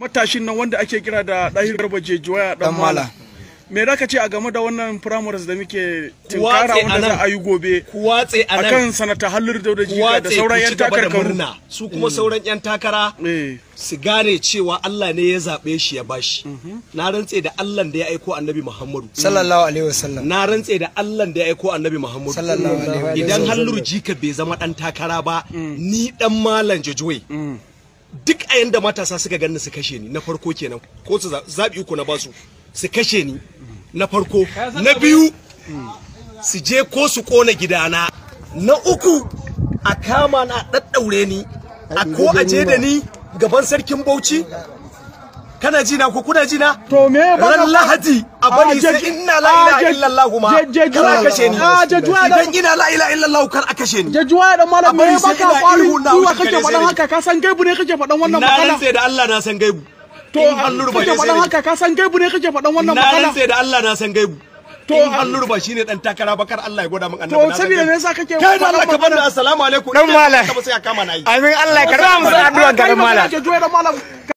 matashin nan wanda ake kira da ɗahir garba jejuwaya dan mala me za ka ce a game da wannan primaries da muke tinkara wanda za a yi gobe kuwatse a kan akan sanata hallir da jiga da mm. sauran yan takara su kuma sauran yan takara su gane cewa Allah ne ya zaɓe shi ya bashi mhm. na rantse da Allah da ya aiko annabi Muhammadu mm. sallallahu alaihi wasallam na rantse da Allah da ya aiko annabi Muhammadu sallallahu alaihi wasallam idan hallir jika bai zama dan takara ba mm. ni dan malam jajuwe duk a yanda matasa suka ganni su kashe ni na farko kenan ko su zabi uku na basu su kashe ni na farko na biyu su je ko su ƙona gidana na uku a kama na ɗaɗɗaure ni a ko aje da ni gaban sarkin Bauchi kana ji na ko kuna ji na to me ba ran lahadi a bari ah, sai inna la ah, ilaha illallah ma kar a kashe ni ah, idan ina la ilaha illallah kar a kashe ni jajuwa da malam me ba ka kwarin kuwa kake fadan haka ka san gaibu ne kake fadan wannan magana na sai da Allah na san gaibu to an ba kake faɗan haka ka san gaibu ne kake fadan wannan magana na sai da Allah na san gaibu to Allah ba shine dan takara bakar Allah ya goda min annabi to saboda me yasa kake kai da Allah ka bani assalamu alaikum dan malam ka ba sai ya kama nayi amin Allah ya karba mu addu'a dan malam